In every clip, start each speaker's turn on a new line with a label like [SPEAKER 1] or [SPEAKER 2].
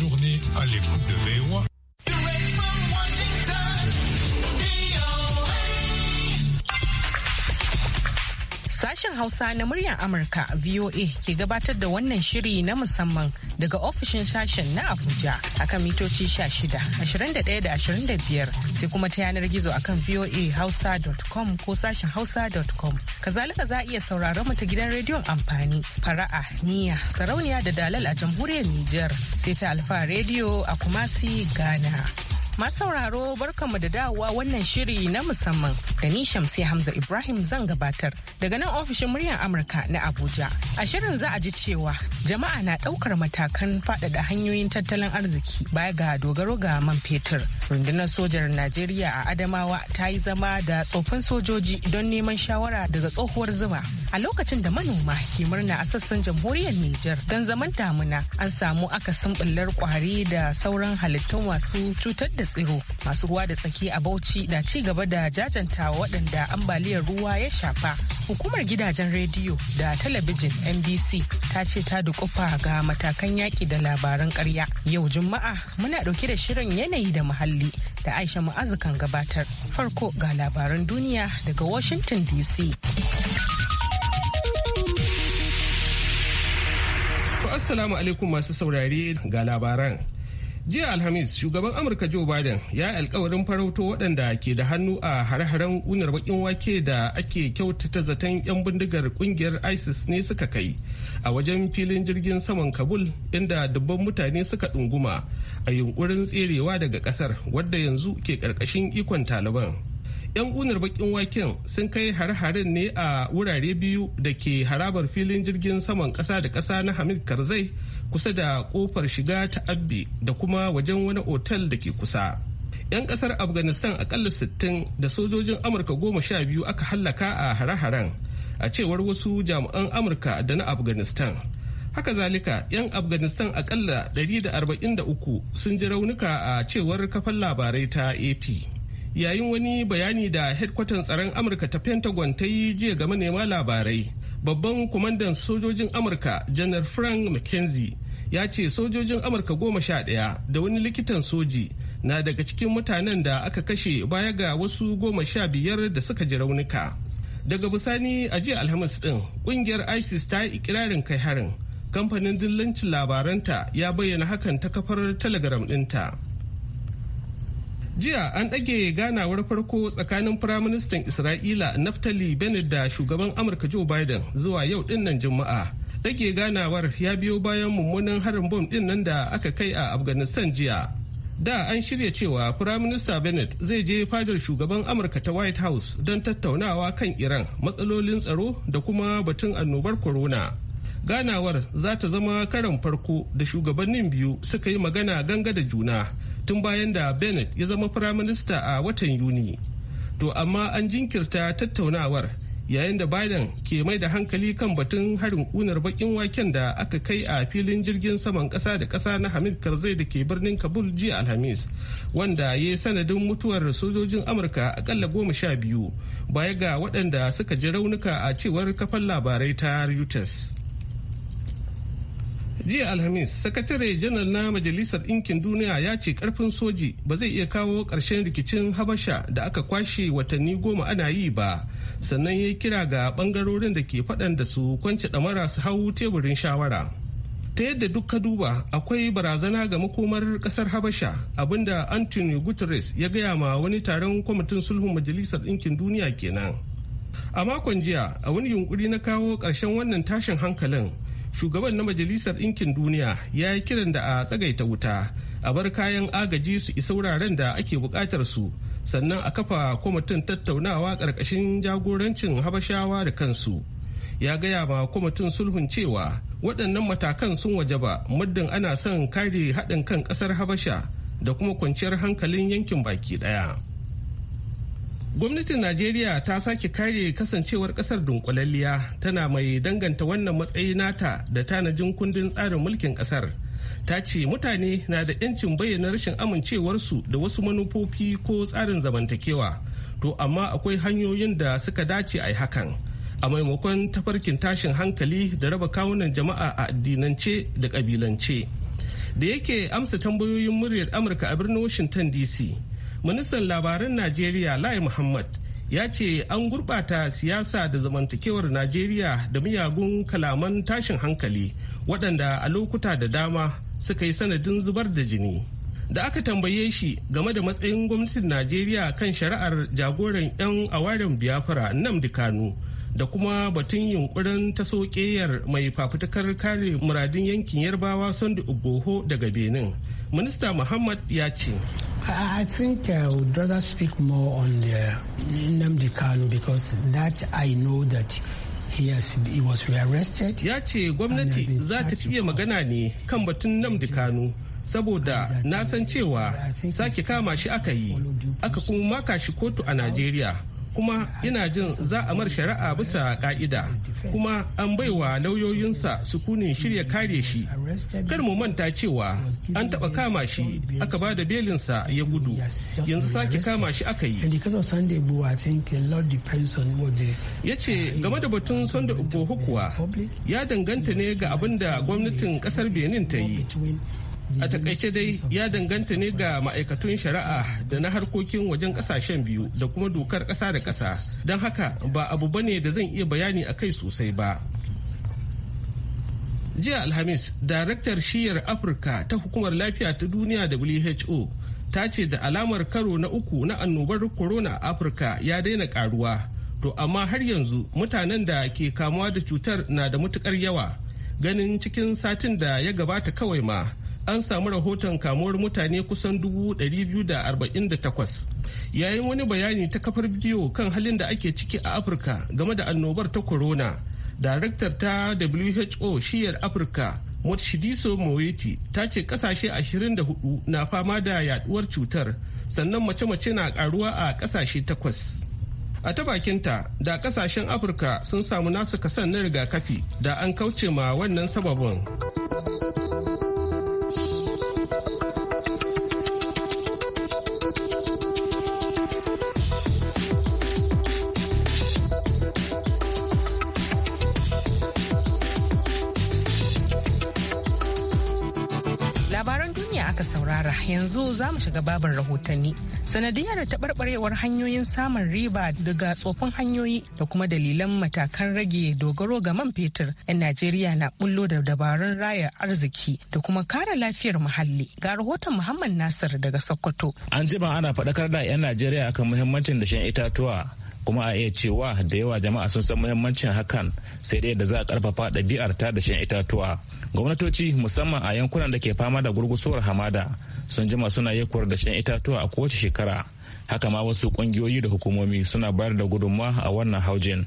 [SPEAKER 1] journée à l'époque de VOA.
[SPEAKER 2] Sashen Hausa na muryar Amurka VOA ke gabatar da wannan shiri na musamman daga ofishin sashen na Abuja akan mitoci 16, 21 da 25 sai kuma ta yanar gizo akan voahausa.com ko sashen hausa.com. Kazalika za a iya sauraron mu ta gidan rediyon amfani fara'a niyya sarauniya da dalal a jamhuriyar Nijar sai ta alfa rediyo a Kumasi Ghana. Masu sauraro barkanmu da dawowa wannan shiri na musamman da ni Shamsi Hamza Ibrahim zan gabatar daga nan ofishin muryar Amurka na Abuja. A shirin za a ji cewa jama'a na ɗaukar matakan faɗaɗa hanyoyin tattalin arziki baya ga dogaro ga man fetur. Rundunar sojar Najeriya a Adamawa ta yi zama da tsofin sojoji don neman shawara daga tsohuwar zuma. A lokacin da manoma ke murna a sassan jamhuriyar Nijar don zaman damuna an samu akasin ɓullar ƙwari da sauran halittun masu cutar da tsiro masu ruwa da tsaki a bauchi na ci gaba da jajantawa waɗanda ambaliyar ruwa ya shafa hukumar gidajen rediyo da talabijin nbc ta ce ta dukufa ga matakan yaƙi da labaran ƙarya yau juma'a muna ɗauke da shirin yanayi da muhalli da aisha ma'azukan gabatar farko ga labaran duniya daga washington dc assalamu alaikum masu
[SPEAKER 3] saurare ga labaran jiya alhamis shugaban amurka joe biden ya yi alkawarin farauto waɗanda ke da hannu a hare-haren unar bakin wake da ake kyautata zaton 'yan bindigar kungiyar isis ne suka kai a wajen filin jirgin saman kabul inda dubban mutane suka ɗunguma a yunkurin tserewa daga ƙasar wadda yanzu ke ƙarƙashin ikon taliban 'yan unar bakin waken sun kai hare-haren ne a wurare biyu da ke harabar filin jirgin saman kasa da kasa na hamid karzai kusa da kofar shiga ta abbi da kuma wajen wani otal da ke kusa 'yan kasar afghanistan akalla 60 da sojojin amurka goma sha biyu aka hallaka a hare-haren a cewar wasu jami'an amurka da na afghanistan haka zalika 'yan afghanistan akalla 143 sun ji raunuka a cewar kafan labarai ta ap yayin wani bayani da hedkwatan tsaron amurka ta pentagon ta yi jiya ga manema labarai babban kwamandan sojojin amurka janar frank mckenzie ya ce sojojin amurka goma sha ɗaya da wani likitan soji na daga cikin mutanen da aka kashe baya ga wasu goma sha biyar da suka ji raunuka daga bisani a jiya alhamis din, ƙungiyar isis ta yi ikirarin kai harin kamfanin dillancin labaranta ya bayyana hakan ta kafar telegram dinta. jiya an ɗage ganawar farko tsakanin firaministan isra'ila naftali bennett da shugaban amurka joe biden zuwa yau ɗin nan juma'a ɗage ganawar ya biyo bayan mummunan harin bom ɗin nan da aka kai a afghanistan jiya da an shirya cewa firaminista bennett zai je fadar shugaban amurka ta white house don tattaunawa kan iran matsalolin tsaro da kuma batun annobar corona ganawar za ta zama karan farko da shugabannin biyu suka yi magana ganga da juna tun bayan da bennett ya zama firaminista a watan yuni to amma an jinkirta tattaunawar yayin da biden ke mai da hankali kan batun harin kunar bakin waken da aka kai a filin jirgin saman kasa da kasa na hamid karzai da ke birnin kabul jiya alhamis wanda ya yi sanadin mutuwar sojojin amurka akalla goma sha biyu baya ga waɗanda suka ji raunuka a cewar kafan labarai ta reuters jiya alhamis sakatare janar na majalisar ɗinkin duniya ya ce karfin soji ba zai iya kawo ƙarshen rikicin habasha da aka kwashe watanni goma ana yi ba sannan ya kira ga ɓangarorin da ke faɗan da su kwanci ɗamara su hau teburin shawara ta yadda duk ka duba akwai barazana ga makomar ƙasar habasha abinda anthony guterres ya gaya ma wani taron kwamitin sulhun majalisar ɗinkin duniya kenan a makon jiya a wani yunkuri na kawo ƙarshen wannan tashin hankalin shugaban na majalisar ɗinkin duniya ya yi kiran da a tsagaita wuta a bar kayan agaji su isa wuraren da ake buƙatar su sannan a kafa kwamitin tattaunawa ƙarƙashin jagorancin habashawa da kansu ya gaya ba kwamitin sulhun cewa waɗannan matakan sun waje ba muddin ana son kare haɗin kan ƙasar habasha da kuma kwanciyar hankalin yankin baki ɗaya. Gwamnatin Najeriya ta sake kare kasancewar kasar dunkulalliya tana mai danganta wannan matsayi nata da tanajin kundin tsarin mulkin kasar. Ta ce mutane na da 'yancin bayyana rashin amincewarsu da wasu manufofi ko tsarin zamantakewa. To amma akwai hanyoyin da suka dace a hakan. A maimakon tafarkin tashin hankali da raba kawunan jama'a a addinance da ƙabilance. Da yake amsa tambayoyin muryar Amurka a birnin Washington DC. ministan labaran najeriya lai muhammad ya ce an gurɓata siyasa da zamantakewar najeriya da miyagun kalaman tashin hankali waɗanda a lokuta da dama suka yi sanadin zubar da jini da aka tambaye shi game da matsayin gwamnatin najeriya kan shari'ar jagoran 'yan awaren biafra Namdi kanu da kuma batun yunkurin ta mai fafutukar kare muradin yankin yarbawa Sandu ugboho daga benin minista muhammad ya ce I think uh, I would rather speak more on the Nnamdi Kanu because that I know that Ya ce gwamnati za ta iya magana ne kan batun Nnamdi Kanu saboda na san cewa sake kama shi aka yi aka kuma maka shi kotu a Najeriya kuma ina jin za a mar shari'a bisa ka'ida kuma an baiwa lauyoyinsa sukunin shirya kare shi kar mu manta cewa an taba kama shi aka ba da belinsa ya gudu yanzu sake kama shi aka yi ya ce game da batun sanda ugbo hukuwa ya danganta ne ga abin da gwamnatin kasar benin ta yi a takaice dai ya danganta ne ga ma'aikatun shari'a da na harkokin wajen kasashen biyu da kuma dokar kasa da kasa don haka ba abu bane da zan iya bayani a kai sosai ba jiya alhamis daraktar shiyar afirka ta hukumar lafiya ta duniya who ta ce da alamar karo na uku na annobar corona a afirka ya daina karuwa to amma har yanzu mutanen da ke kamuwa da cutar na da matukar yawa ganin cikin satin da ya gabata kawai ma an samu rahoton kamuwar mutane kusan 248 yayin wani bayani ta kafar bidiyo kan halin da ake ciki a afirka game da annobar ta corona daraktar ta who shiyar afirka motshidiso moeti ta ce kasashe 24 na fama da yaduwar cutar sannan mace-mace na karuwa a kasashe takwas a ta bakinta da kasashen afirka sun samu nasu kasan na rigakafi da an kauce ma wannan sababin.
[SPEAKER 2] labaran duniya aka saurara yanzu za mu shiga babin rahotanni sanadiyar taɓarɓarewar hanyoyin samun riba daga tsofin hanyoyi da kuma dalilan matakan rage dogaro ga man fetur 'yan najeriya na bullo da dabarun raya arziki da kuma kare lafiyar muhalli ga rahoton muhammad nasir daga sokoto
[SPEAKER 4] an jima ana faɗakar da 'yan najeriya akan muhimmancin da shan itatuwa kuma a iya cewa da yawa jama'a sun san muhimmancin hakan sai dai da za a karfafa ɗabi'ar ta da shan itatuwa gwamnatoci musamman a yankunan da ke fama da gurgusuwar hamada sun jima suna yakuwar da shan itatuwa a kowace shekara haka ma wasu kungiyoyi da hukumomi suna bayar da gudunmawa a wannan haujin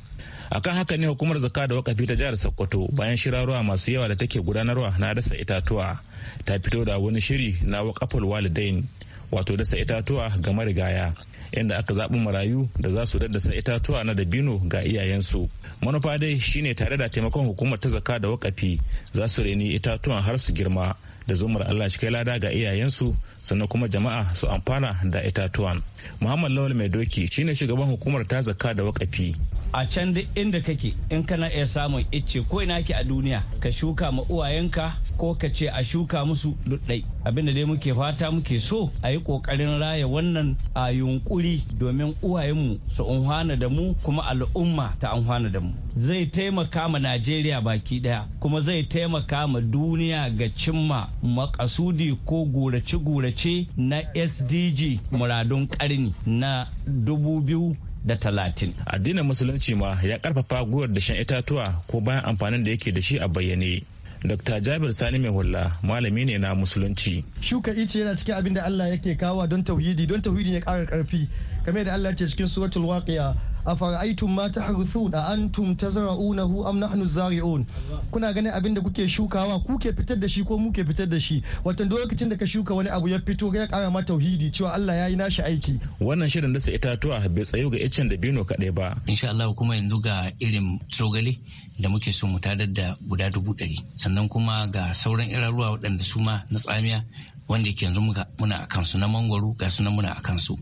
[SPEAKER 4] akan haka ne hukumar zaka da wakafi ta jihar sokoto bayan shirarwa masu yawa da take gudanarwa na dasa itatuwa ta fito da wani shiri na wakaful walidain wato dasa itatuwa ga marigaya inda aka zaɓi marayu da za su daddasa itatuwa na dabino ga iyayensu manufa dai shine tare da taimakon hukumar ta zaka da wakafi za su reni itatuwan har su girma da zumar allah shi kai lada ga iyayensu sannan kuma jama'a su amfana da itatuwan muhammad lawal mai doki shine shugaban hukumar ta zaka da wakafi
[SPEAKER 5] a can duk inda kake in kana iya samun icce ko ina ke a duniya ka shuka ma uwayenka ko ka ce a shuka musu duɗɗai abinda dai muke fata muke so a yi ƙoƙarin raya wannan a yunkuri domin uwayenmu su unhwana da mu kuma al'umma ta unhwana da mu zai taimaka ma najeriya baki ɗaya kuma zai taimaka ma duniya ga cimma makasudi ko gurace-gurace na sdg muradun karni
[SPEAKER 4] na dubu biyu da talatin. Addinin Musulunci ma ya karfafa gwiwar da shan itatuwa ko bayan amfanin da yake da shi a bayyane. Dr. Jabir Sani mai hula malami ne na musulunci.
[SPEAKER 6] Shuka ice yana cikin abin da Allah yake kawo don tauhidi don tauhidi ya kara karfi Kamar da Allah ya ce cikin suratul waqiya afara'aytum ma ta tahruthuna antum tazra'unahu am nahnu zari'un kuna ganin abinda kuke shukawa kuke fitar da shi ko muke fitar da shi watan duk lokacin da ka shuka wani abu ya fito ya kara ma tauhidi cewa Allah ya yi nashi aiki wannan
[SPEAKER 4] shirin dasa itatuwa bai tsayo ga icen da bino kadai ba
[SPEAKER 5] insha Allah kuma yanzu ga irin trogale da muke so mu tadar da guda dubu ɗari sannan kuma ga sauran iraruwa waɗanda su ma na tsamiya wanda ke yanzu muna a kansu na mangwaro ga suna muna a kansu.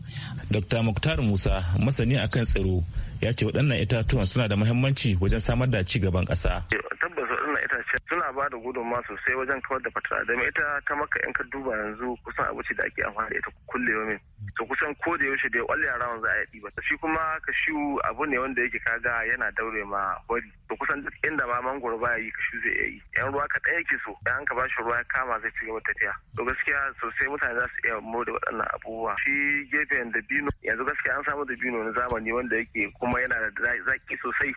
[SPEAKER 4] Dr. Muktar Musa masani akan tsaro ya ce waɗannan itatuwan suna da muhimmanci wajen samar da ci gaban ƙasa.
[SPEAKER 3] makka suna ba da gudunma sosai wajen kawar da fatara da ita ta maka in ka duba yanzu kusan abinci da ake amfani da ita kulle yomin to kusan ko da yaushe da ya kwalle yara za a yi ɗiba shi kuma kashiyu abu ne wanda yake kaga yana daure ma wari to kusan duk inda ma mangoro baya yi kashiyu zai iya yi yan ruwa kaɗan yake so in ka bashi ruwa ya kama zai ci gaba tafiya to gaskiya sosai mutane za su iya mu da waɗannan abubuwa shi gefen dabino
[SPEAKER 5] yanzu gaskiya an samu dabino na zamani wanda yake kuma yana da zaƙi sosai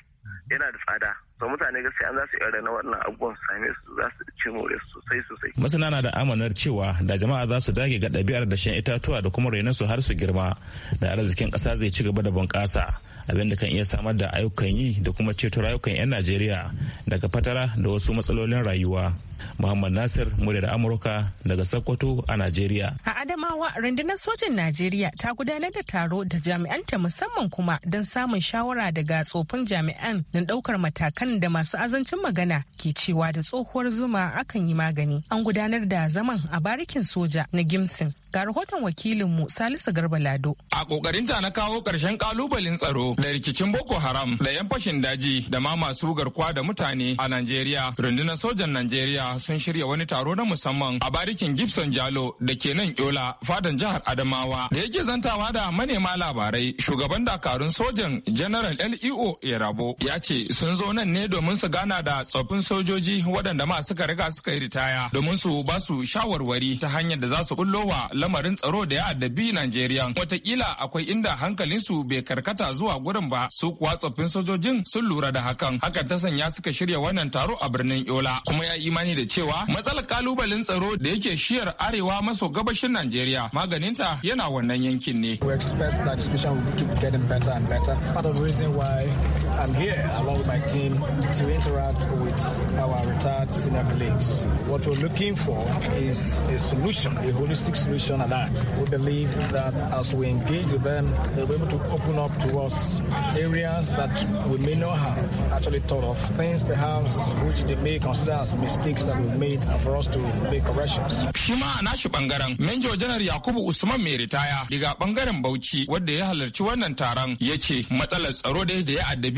[SPEAKER 5] yana da tsada to mutane an za su yare na wannan abubuwan same su za su ci more sosai sosai masana na
[SPEAKER 4] da amanar cewa da jama'a za su dage ga ɗabi'ar da shan itatuwa da kuma rainon su har su girma da arzikin ƙasa zai ci gaba da bunƙasa abin da kan iya samar da ayyukan yi da kuma ceto rayukan 'yan najeriya daga fatara da wasu matsalolin rayuwa Muhammad Nasir da Amurka daga Sokoto a Najeriya.
[SPEAKER 2] A Adamawa rundunar sojin Najeriya ta gudanar da taro da jami'anta musamman kuma don samun shawara daga tsofin jami'an don ɗaukar matakan da masu azancin magana ke cewa da tsohuwar zuma akan yi magani. An gudanar da zaman a barikin soja na Gimsin. Ga rahoton wakilin mu Salisu Garba Lado.
[SPEAKER 1] A kokarinta na kawo ƙarshen kalubalen tsaro da rikicin Boko Haram da 'yan fashin daji da ma masu garkuwa da mutane a Najeriya. Rundunar sojan Najeriya sun shirya wani taro na musamman a barikin Gibson Jalo da ke nan Yola fadan jihar Adamawa da yake zantawa da manema labarai shugaban dakarun sojan General LEO Yarabo ya ce sun zo nan ne domin su gana da tsoffin sojoji waɗanda ma suka riga suka yi ritaya domin su ba su shawarwari ta hanyar da za su wa lamarin tsaro da ya addabi Najeriya watakila akwai inda hankalinsu bai karkata zuwa gurin ba su kuwa tsoffin sojojin sun lura da hakan hakan ta sanya suka shirya wannan taro a birnin Yola kuma ya imani da cewa matsalar kalubalen tsaro da yake shiyar arewa maso gabashin Najeriya maganinta yana wannan yankin ne. We expect
[SPEAKER 7] I'm here along with my team to interact with our retired senior colleagues. What we're looking for is a solution, a holistic solution at that. We believe that as we engage with them, they'll be able to open up to us areas that we may not have actually thought of, things perhaps which they may consider as mistakes that we've made and for us to make corrections.
[SPEAKER 1] Shima anashu bangaren Menjo Janar Yakubu Usman mai ritaya daga Bauchi wadda ya halarci wannan taron ya ce matsalar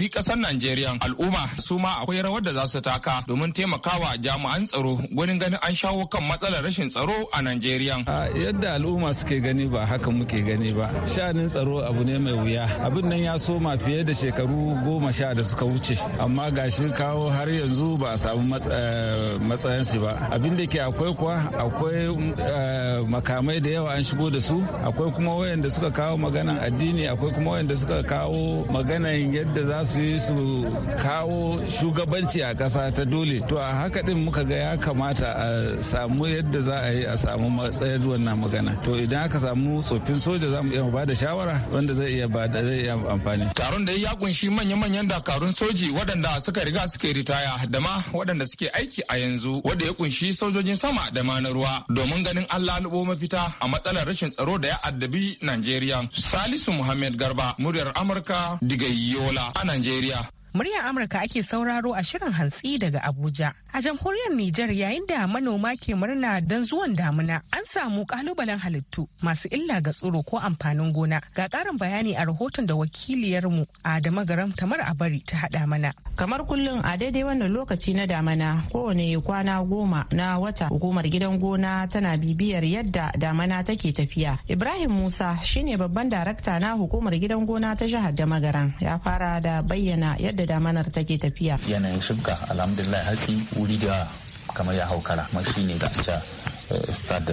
[SPEAKER 1] shafi kasar Najeriya al'umma su ma akwai rawar da za su taka domin taimakawa jami'an tsaro gurin ganin an shawo kan matsalar rashin tsaro
[SPEAKER 4] a Najeriya. Yadda al'umma suke gani ba haka muke gani ba. Sha'anin tsaro abu ne mai wuya. Abin nan ya soma fiye da shekaru goma sha da suka wuce. Amma shi kawo har yanzu ba a samu eh, matsayin shi ba. Abin da ke akwai kuwa akwai eh, makamai da yawa an shigo da su. Akwai kuma wayanda suka kawo maganan addini akwai kuma wayanda suka kawo maganan yadda za su sai su kawo shugabanci a ƙasa ta dole to a haka din muka ga ya kamata a samu yadda za a yi a samu matsayar wannan magana to idan aka samu tsoffin soja za mu iya ba da shawara wanda zai iya ba da zai iya amfani taron
[SPEAKER 1] da ya kunshi manya-manyan dakarun soji wadanda suka riga suka ritaya da ma waɗanda suke aiki a yanzu wanda ya kunshi sojojin sama da ma na ruwa domin ganin allah lalubo mafita a matsalar rashin tsaro da ya addabi Najeriya Salisu Muhammad Garba muryar Amurka diga Yola a Najeriya Najeriya
[SPEAKER 2] Muryar Amurka ake sauraro a shirin hantsi daga Abuja. A jamhuriyar Nijar yayin da manoma ke murna don zuwan damuna an samu kalubalen halittu masu illa ga tsiro ko amfanin gona. Ga karin bayani a rahoton da wakiliyarmu Adama Garam Tamar Abari ta hada mana. Kamar
[SPEAKER 8] kullum a daidai wannan lokaci na damuna kowane kwana goma na wata hukumar gidan gona tana bibiyar yadda damuna take tafiya. Ibrahim Musa shine babban darakta na hukumar gidan gona ta jihar Damagaran ya fara da bayyana yadda damanar take tafiya
[SPEAKER 9] yanayin shibka alhamdulillah hatsi wuri da kamar ya haukara kuma shine gaskiya eh, stad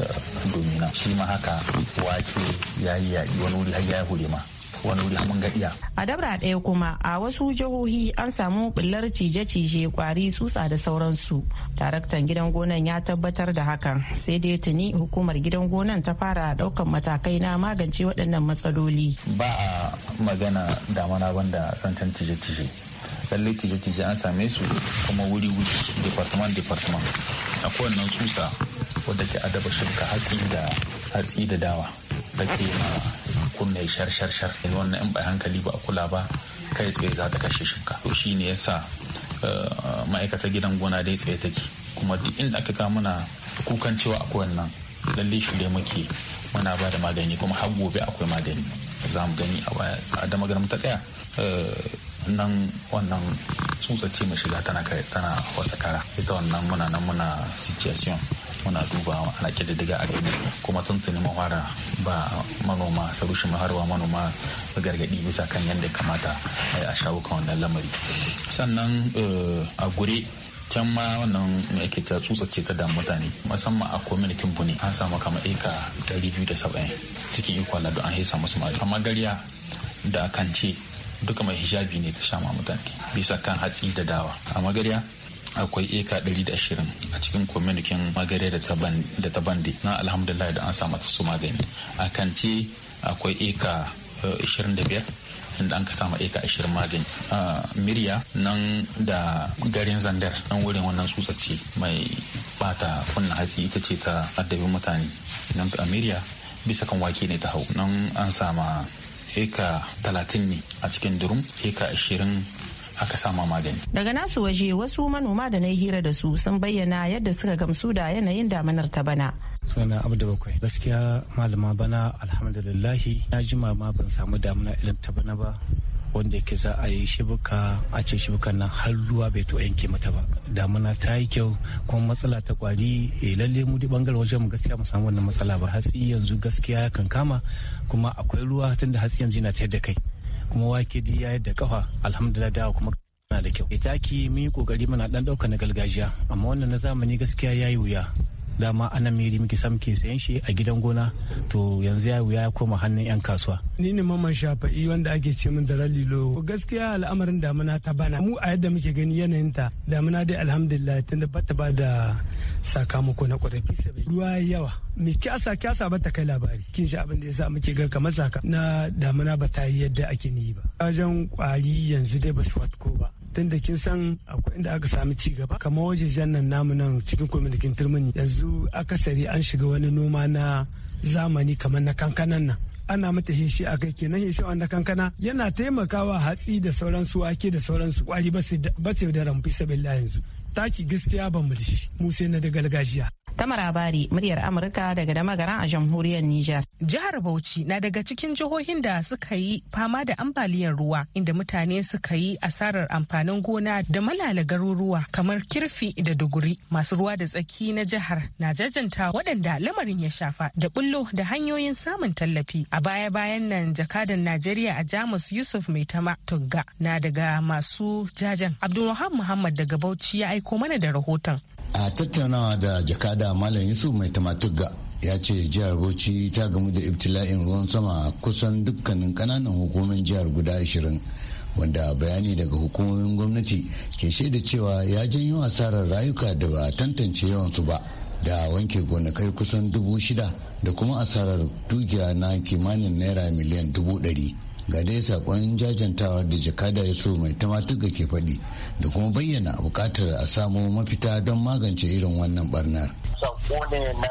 [SPEAKER 9] domina shi ma haka wake yi yaƙi wani wuri har ya hure ma wani wuri mun gaɗiya.
[SPEAKER 8] A dabra ɗaya kuma a wasu jihohi an samu bullar cije-cije kwari tsutsa da sauransu. Daraktan gidan gonan ya tabbatar da hakan sai dai tuni hukumar gidan gonan ta fara ɗaukan matakai na magance waɗannan matsaloli.
[SPEAKER 9] Ba a magana damana banda zancen cije-cije. lallai cije-cije an same su kuma wuri-wuri departement-departement a kowannan tsusa wadda ke adaba shirka hatsi da hatsi da dawa da ke ma kunne shar-shar-shar wannan in bai hankali ba a kula ba kai tsaye za ta kashe shinka to shi ne yasa eh, ma'aikatar gidan gona dai tsaye take kuma duk inda aka kawo muna kukan cewa a kowannan lalle shirye muke muna ba da magani kuma har gobe akwai magani za mu gani a dama ta tsaya eh, nan wannan tsutsa ce shiga tana kai tana wasa kara ita wannan muna nan muna situation muna duba ana kididdiga a gani kuma tuntuni mun fara ba manoma sarushin maharwa manoma gargadi bisa kan yadda kamata a shawo kan wannan lamari sannan eh, a gure can ma wannan mai ake ta tsutsa ce ta da mutane musamman a kominikin bune an samu kamar eka 270 cikin ikon ladu an hesa musu amma gariya da kan ce duka mai hijabi ne ta shama mutane bisa kan hatsi da dawa a magarya akwai eka 120 a cikin kwaminikin magarya da ta bande na alhamdulillah da an samu su magani a ce akwai eka 25 eh, inda an ka samu eka 20 magani a miriya nan da garin zandar nan wurin wannan tsutsaci mai bata kunna hatsi ita ce ta addabin mutane nan a miriya bisa kan wake ne ta hau nan an sama eka talatin ne a cikin durum eka ashirin aka sama magani.
[SPEAKER 8] Daga nasu waje wasu manoma da na yi hira da su sun bayyana yadda suka gamsu da yanayin damanar ta bana.
[SPEAKER 4] suna da bakwai gaskiya malama bana alhamdulillahi na jima ma ban samu damuna irin ta bana ba wanda yake za a yi shibuka a ce shibukan nan har ruwa bai to yanke mata ba damuna ta yi kyau kuma matsala ta kwari eh, lalle mu da bangaren wajen mu gaskiya mu samu wannan matsala ba hatsi yanzu gaskiya kan kama kuma akwai ruwa tunda hatsi yanzu yana tayar da kai kuma wake di ya yadda kafa alhamdulillah dawa kuma na da kyau. Itaki mun yi kokari muna dan dauka na gargajiya amma wannan na zamani gaskiya ya yi wuya dama ana meri muke sam ke sayan shi a gidan gona to yanzu ya wuya koma hannun yan kasuwa ni ne maman
[SPEAKER 3] shafa'i wanda ake ce min da ralilo gaskiya al'amarin damuna ta bana mu a yadda muke gani yanayin ta damuna dai alhamdulillah tun da bata ba da sakamako na kwadafi ruwa yawa me kyasa kyasa ba ta kai labari kin shi abin da yasa muke ga kamar saka na damuna ba ta yi yadda ake ni ba wajen kwari yanzu dai ba su watko ba da kin san akwai inda aka sami ci gaba kamar wajejen nan namu nan cikin kwamitin turmini yanzu akasari an shiga wani noma na zamani kamar na kankanan nan ana mata heshi a kai kenan heshi na kankana yana taimakawa hatsi da sauransu ake da sauransu kwari ba su da ramfi sabilla yanzu taki gaskiya ba mu da shi mu sai na da gargajiya
[SPEAKER 8] Tamara Bari, muryar
[SPEAKER 2] Amurka daga dama garan a jamhuriyar Nijar. Jihar Bauchi na daga cikin jihohin da suka yi fama da ambaliyar ruwa inda mutane suka yi asarar amfanin gona da malala garuruwa kamar kirfi da duguri. Masu ruwa da tsaki na jihar na jajanta waɗanda lamarin ya shafa da bullo da hanyoyin samun tallafi. A baya-bayan nan jakadan Najeriya a Jamus Yusuf Maitama Tugga na daga masu jajan. Abdulwahab Muhammad daga Bauchi ya aiko mana da rahoton.
[SPEAKER 6] a tattaunawa da jakada malam yusuf mai tamatuga ya ce jihar bauchi ta gamu da ibtila'in ruwan sama kusan dukkanin kananan hukumin jihar guda ashirin wanda bayani daga hukumomin gwamnati ke shaida cewa ya janyo asarar rayuka da ba tantance yawansu ba da wanke gonakai kusan dubu shida da kuma asarar dukiya na kimanin naira miliyan dubu ɗari ga dai sakon jajantawa da jakada ya so mai da ke faɗi da kuma bayyana bukatar a samu mafita don magance irin wannan barnar.
[SPEAKER 8] sako ne na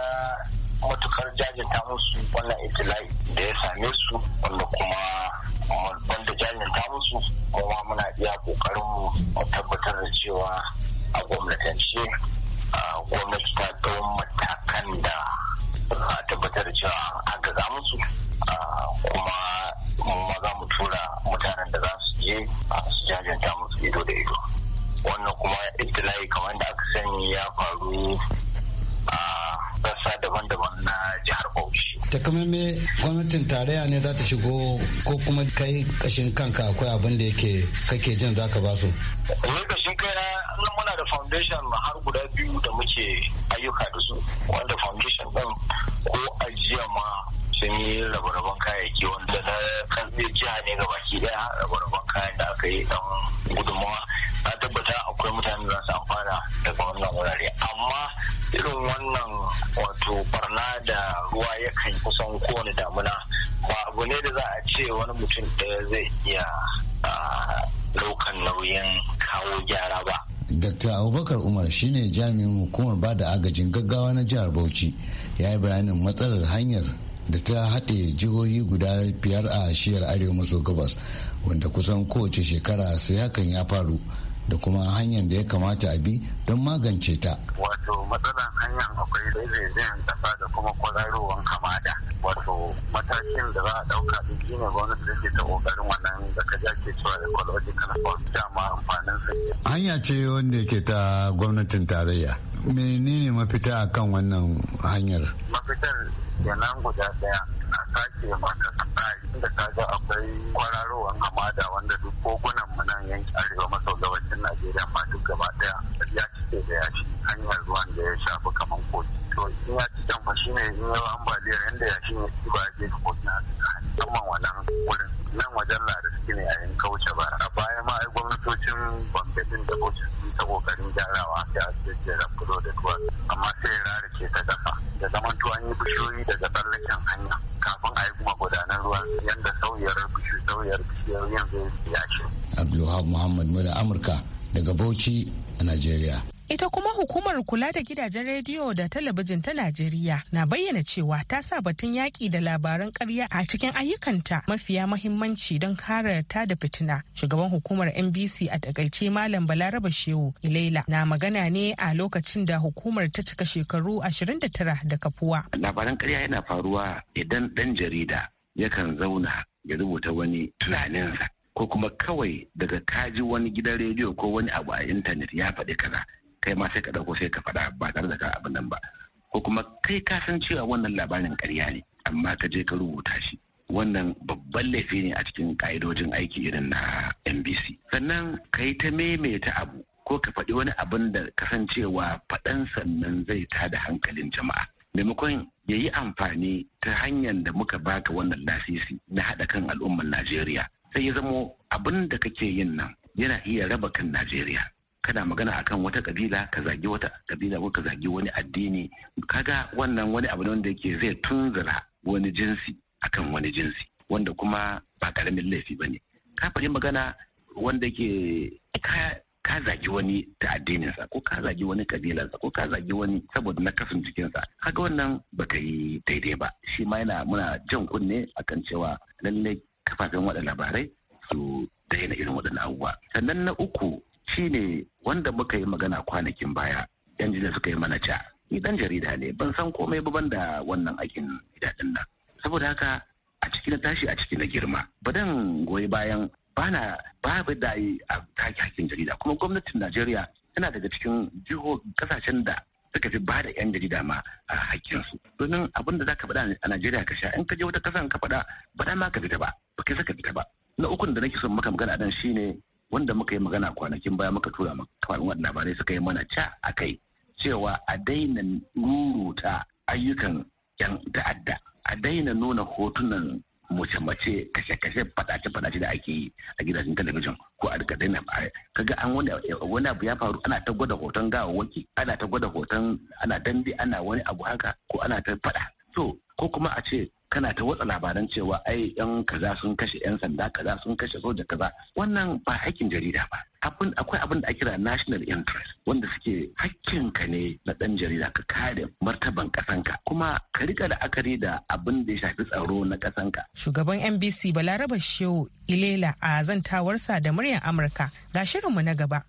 [SPEAKER 5] matukar jajanta musu wannan itila'i da ya same su wanda kuma wanda jajanta musu kuma muna iya kokarin mu tabbatar da
[SPEAKER 6] cewa a gwamnatance gwamnati ta matakan da a tabbatar da
[SPEAKER 5] iyaye su jajanta musu ido da ido wannan kuma itila'i kamar da aka sani ya faru a sassa
[SPEAKER 6] daban-daban na jihar bauchi me gwamnatin tarayya ne za ta shigo ko kuma kai kashin kanka akwai abin da yake kake jin za ka basu lokacin
[SPEAKER 5] kai na muna da foundation har guda biyu da muke ayyuka da su wanda foundation din ko ajiya ma sun yi rabe-raben kayayyaki wanda na zai jiha ne ga baki daya rabarban kayan da aka yi dan gudunmawa na tabbata akwai mutane za su amfana daga wannan wurare amma irin wannan wato barna da ruwa ya kan kusan kowane damuna ba abu ne da za a ce wani mutum ɗaya zai iya ɗaukan nauyin kawo gyara ba
[SPEAKER 6] Dr. Abubakar Umar shine jami'in hukumar ba da agajin gaggawa na jihar Bauchi ya yi bayanin matsalar hanyar da ta haɗe jihohi guda biyar a shiyar arewa maso gabas wanda kusan kowace shekara sai hakan ya faru da kuma hanyar da ya kamata a bi don magance ta. Wato matsalar hanyar akwai zaizayen kasa da kuma kwararowar hamada. Wato matakin da za a ɗauka duk gina gwamnati da ke ta ƙoƙarin wannan da ka jake cewa ecological force dama amfanin sa. Hanya ce wanda ke ta gwamnatin tarayya. menene mafita akan wannan hanyar mafitar kenan guda daya a sake mata tsari inda ta ga akwai kwararowar hamada wanda duk kogunan mu nan arewa maso gabashin najeriya ma duk gaba daya ya cike da yashi hanyar ruwan da ya shafi kaman kogi to in ya ci can shi shine in yau ambaliyar yanda yashi ya ci ba ya je kogin musamman wannan wurin nan wajen lada suke ne a yin kauce ba a baya ma ai gwamnatocin bambedin da bauchi ta kokarin gyarawa sai a jejjera da tuwa amma sai rari ce ta gasa. da zaman bishiyoyi daga tsallaken hanya kafin a yi kuma gudanar ruwa yadda sauyar bishiyoyi sauyar bishiyoyi yanzu ya ce. Abdulwahab Muhammad Mura Amurka daga Bauchi a Najeriya.
[SPEAKER 2] Ita kuma hukumar kula da gidajen rediyo da talabijin ta Najeriya na bayyana cewa ta sa batun yaƙi da labaran ƙarya a cikin ayyukanta mafiya mahimmanci don kare ta da fitina. Shugaban hukumar NBC a takaice Malam Balaraba Shehu Ilaila na magana ne a lokacin da hukumar ta cika shekaru 29 da kafuwa.
[SPEAKER 5] Labaran ƙarya yana faruwa idan ɗan jarida yakan zauna ya rubuta wani tunaninsa. ko kuma kawai daga kaji wani gidan rediyo ko wani abu a intanet ya faɗi kaza kai ma sai ka ɗauko sai ka faɗa ba tare da ka abin nan ba ko kuma kai ka san cewa wannan labarin ƙarya ne amma ka je ka rubuta shi wannan babban laifi ne a cikin ka'idojin aiki irin na NBC sannan kai ta maimaita abu ko ka faɗi wani abin da kasancewa faɗan sannan zai ta da hankalin jama'a maimakon ya yi amfani ta hanyar da muka baka wannan lasisi na haɗa kan al'ummar Najeriya sai ya zamo abin da kake yin nan yana iya raba kan Najeriya kana magana akan wata kabila ka zagi wata kabila ko ka zagi wani addini kaga wannan wani abu ne wanda yake zai tunzura wani jinsi akan wani jinsi wanda kuma ba karamin laifi ba ne ka faɗi magana wanda ke ka ka zagi wani ta addininsa ko ka zagi wani kabilarsa ko ka zagi wani saboda na kasan jikinsa kaga wannan baka yi daidai ba shi ma yana muna jan kunne akan cewa lallai kafafen waɗa labarai su daina irin waɗannan abubuwa sannan na uku ne wanda muka yi magana kwanakin baya yan da suka yi mana ca ni dan jarida ne ban san komai ba da wannan aikin idadin nan saboda haka a ciki na tashi a ciki na girma badan goyi bayan bana babu da a take hakin jarida kuma gwamnatin Najeriya yana daga cikin jiho kasashen da suka fi ba da 'yan jarida ma a su domin abin da zaka faɗa a Najeriya ka sha in ka je wata ƙasa ka faɗa ba ma ka fita ba ba kai saka fita ba na ukun da nake son maka magana dan shine wanda muka yi magana kwanakin baya muka tura a labarai suka yi mana ca a kai cewa a daina ruruta ayyukan yan ta'adda a daina nuna hotunan mace-mace kashe-kashe fadace-fadace da ake yi a gidajen talabijin ko a daga daina kaga an wani abu ya faru ana ta gwada hoton waki ana ta gwada hoton ana dambe ana wani abu haka ko ana ta fada so ko kuma a ce kana ta watsa labaran cewa ai yan kaza sun kashe yan sanda kaza sun kashe soja kaza wannan ba hakkin jarida ba abin akwai abin da kira national interest wanda suke ka ne na dan jarida ka kare martaban kasanka kuma ka rika da akari da abin da ya shafi tsaro na kasanka
[SPEAKER 2] shugaban NBC Balaraba Shehu Ilela a zantawarsa da muryar Amurka ga shirinmu na gaba.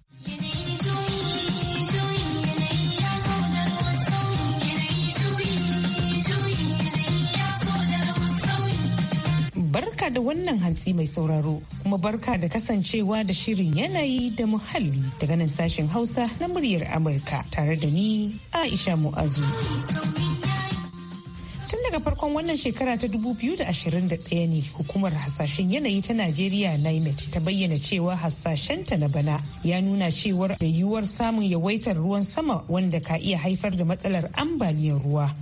[SPEAKER 8] barka da wannan hantsi mai sauraro kuma barka da kasancewa da shirin yanayi da muhalli daga nan sashen hausa na muryar amurka tare da ni aisha mu'azu tun daga farkon wannan shekara ta 2021 ne hukumar hasashen yanayi ta najeriya nimet ta bayyana cewa hasashenta na bana ya nuna cewar da yiwuwar samun yawaitar ruwan sama wanda ka iya haifar da matsalar ambaliyar ruwa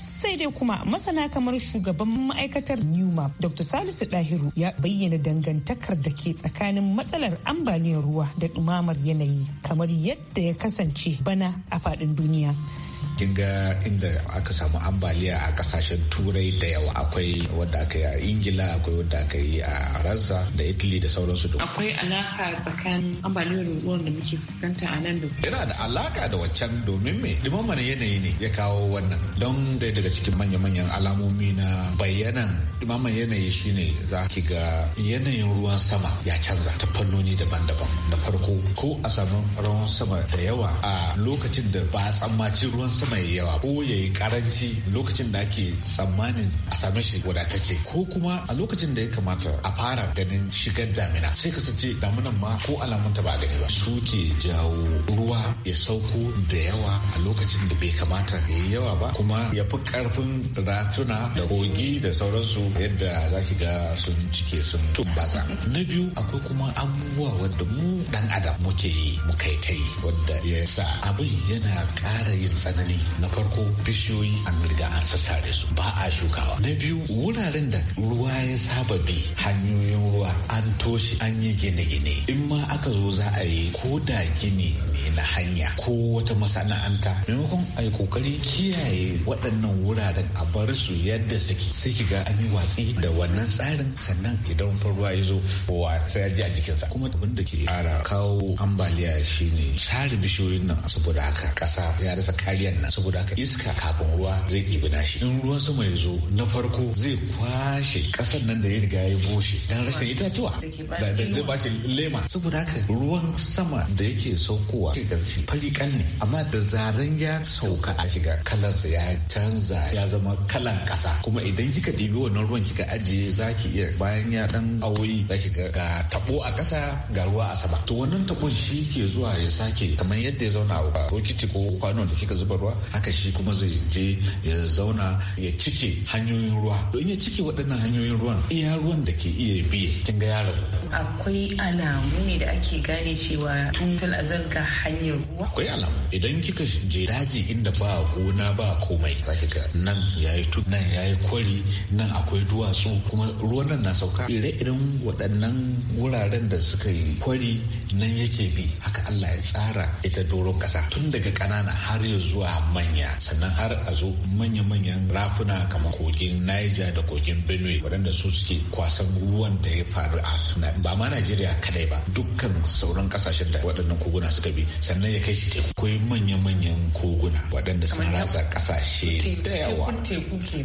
[SPEAKER 8] sai dai kuma masana kamar shugaban ma'aikatar newmap dr salisu dahiru ya bayyana dangantakar da ke tsakanin matsalar ambaliyar ruwa da dumamar yanayi kamar yadda ya kasance bana a faɗin duniya
[SPEAKER 7] kin ga inda aka samu ambaliya a kasashen turai da yawa akwai wadda aka yi a ingila akwai wadda aka yi a rasa da italy da sauransu da akwai
[SPEAKER 8] alaka tsakanin ambaliyar ruwan da muke fuskanta a nan da
[SPEAKER 7] yana da alaka da waccan domin me limaman yanayi ne ya kawo wannan don dai daga cikin manya-manyan alamomi na bayanan limaman yanayi shine za ki ga yanayin ruwan sama ya canza ta fannoni daban-daban na farko ko a samu ruwan sama da yawa a lokacin da ba tsammaci ruwan sama mai yawa ko ya yi karanci lokacin da ake tsammanin a same shi wadatacce ko kuma a lokacin da ya kamata a fara ganin shigar damina sai kasance daminan ma ko alamunta ba gani ba su ke jawo ruwa ya sauko da yawa a lokacin da bai kamata ya yi yawa ba kuma ya fi karfin ratuna da kogi da sauransu yadda za ki ga sun cike sun tumbaza na biyu akwai kuma abubuwa wanda mu dan adam muke yi mu kai ta yi wadda ya sa abin yana ƙara yin tsanani na farko bishiyoyi an riga an sassare su ba a shukawa na biyu wuraren da ruwa ya saba bi hanyoyin ruwa an toshe an yi gine-gine in ma aka zo za a yi ko da gini ne na hanya ko wata masana'anta maimakon a yi kokari kiyaye waɗannan wuraren a bar su yadda suke sai ki ga an yi watsi da wannan tsarin sannan idan ruwa ya zo kowa sai ya ji a jikinsa kuma abin da ke ƙara kawo ambaliya shine share bishiyoyin nan saboda haka ƙasa ya rasa kariyar nan saboda haka iska kafin ruwa zai ɗibi nashi in ruwan sama ya zo na farko zai kwashe ƙasar nan da ya riga ya bushe dan rashin itatuwa da zai bashi lema saboda haka ruwan sama da yake saukowa ke gansi fari kan ne amma da zaren ya sauka a shiga kalansa ya canza ya zama kalan ƙasa kuma idan kika ɗibi wannan ruwan kika ajiye zaki iya bayan ya dan awoyi zaki ga ga tabo a ƙasa ga ruwa a sama to wannan tabon shi ke zuwa ya sake kamar yadda ya zauna a bokiti ko kwano da kika zuba ruwa ruwa haka shi kuma zai je ya zauna ya cike hanyoyin ruwa don ya cike waɗannan hanyoyin ruwan iya ruwan da ke iya biye kin ga yaro
[SPEAKER 8] akwai alamu ne da ake gane cewa tun fil ga hanyar ruwa akwai alamu
[SPEAKER 7] idan kika je daji inda ba gona ba komai zaki ga nan yayi tu nan yayi kwari nan akwai duwatsu kuma ruwan nan na sauka ire irin waɗannan wuraren da suka yi kwari nan yake bi haka Allah ya tsara ita doron kasa tun daga ƙanana har ya zuwa manya sannan har a zo manya-manyan rafuna kamar kogin niger da kogin benue waɗanda su suke kwasan ruwan da ya faru a ba ma najeriya kadai ba dukkan sauran kasashen da waɗannan koguna suka bi sannan ya kai shi teku akwai manya-manyan koguna waɗanda sun ratsa kasashe da yawa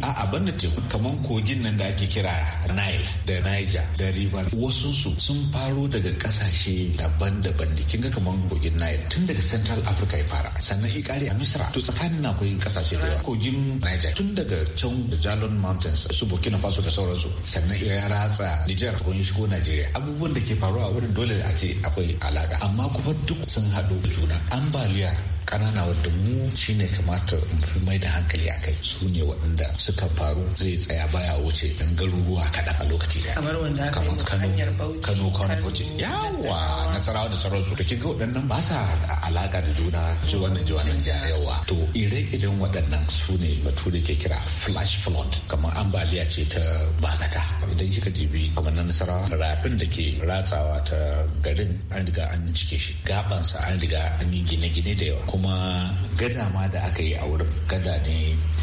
[SPEAKER 7] a abin da teku kamar kogin nan da ake kira nile da niger da river wasu su sun faro daga kasashe daban-daban ne kinga kamar kogin nile tun daga central africa ya fara sannan ikari a misra to tsakanin akwai kasashe da yawa kogin niger tun daga can da jalon mountains su burkina faso da sauransu sannan ya ratsa niger kun shigo nigeria abubuwan da ke faruwa wurin dole a ce akwai alaka amma kuma duk sun haɗu da juna ambaliya kanana wanda mu shine kamata mu fi mai da hankali akai su ne waɗanda suka faru zai tsaya baya wuce dan garuruwa kaɗan a lokaci ɗaya kamar wanda kamar Kano Kano Kano Bauchi yawa Nasarawa da sauransu da kin ga waɗannan ba sa alaka da juna ji wannan ji wannan ja yawa to ire idan waɗannan su ne da ke kira flash flood kamar ambaliya ce ta bazata idan kika jibi kamar na Nasarawa rafin da ke ratsawa ta garin an riga an cike shi sa an riga an yi gine-gine da yawa kuma gada ma da aka yi a wurin gada ne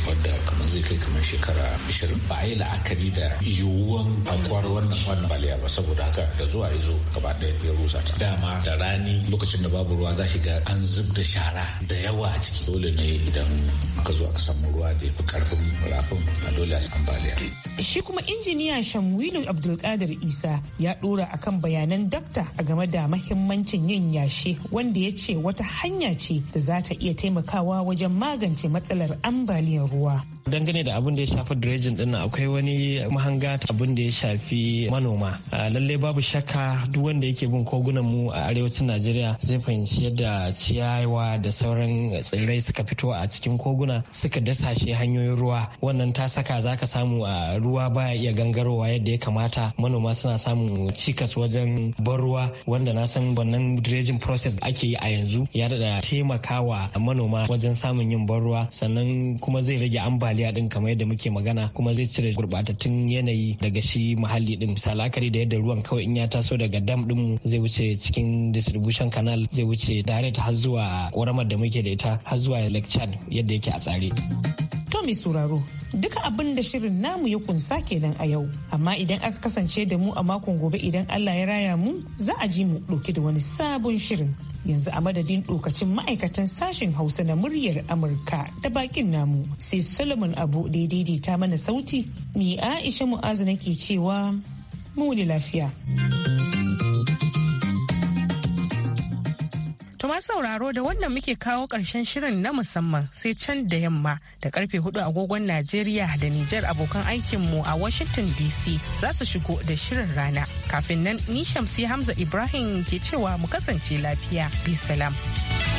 [SPEAKER 7] wadda kamar zai kai kamar shekara 20 ba a yi la'akari da yiwuwan akwar wannan wannan baliya ba saboda haka da zuwa ya zo gaba da ya rusa ta dama da rani lokacin da babu ruwa za ga an zub da shara da yawa a ciki dole ne idan aka zo aka samu ruwa da ya fi karfin rafin a dole a baliya.
[SPEAKER 8] shi kuma injiniya shamwilu abdulkadir isa ya dora akan bayanan dakta a game da mahimmancin yin yashe wanda ya ce wata hanya ce da za ta iya taimakawa wajen magance matsalar ambaliyar ruwa.
[SPEAKER 3] dangane da abin da ya shafi dredging din akwai wani mahanga abin da ya shafi manoma lallai babu shakka duk wanda yake bin kogunan mu a arewacin najeriya zai fahimci yadda ciyawa da sauran tsirrai suka fito a cikin koguna suka dasa shi hanyoyin ruwa wannan ta saka za ka samu a ruwa baya iya gangarowa yadda ya kamata manoma suna samun cikas wajen ban ruwa wanda na san wannan dredging process ake yi a yanzu ya daɗa taimaka taimakawa manoma wajen samun yin ban ruwa sannan kuma zai rage ambaliya din kamar yadda muke magana kuma zai cire gurbatattun yanayi daga shi muhalli din salakari da yadda ruwan kawai in ya taso daga dam din mu zai wuce cikin distribution canal zai wuce direct har zuwa ƙoramar da muke da ita har zuwa lake chad yadda yake a tsare.
[SPEAKER 8] To mai sauraro duka abin da shirin namu ya kunsa kenan a yau amma idan aka kasance da mu a makon gobe idan Allah ya raya mu za a ji mu ɗauki da wani sabon shirin yanzu a madadin dokacin ma'aikatan sashen hausa na muryar amurka da bakin namu sai solomon abu da ya daidaita mana sauti ni aisha mu'azu nake cewa mu lafiya.
[SPEAKER 2] To sauraro da wannan muke kawo ƙarshen shirin na musamman sai can da yamma da karfe hudu agogon Najeriya da Nijar abokan aikinmu a Washington DC za su shigo da shirin rana. Kafin nan ni Shamsi Hamza Ibrahim ke cewa mu kasance lafiya. Bi salam.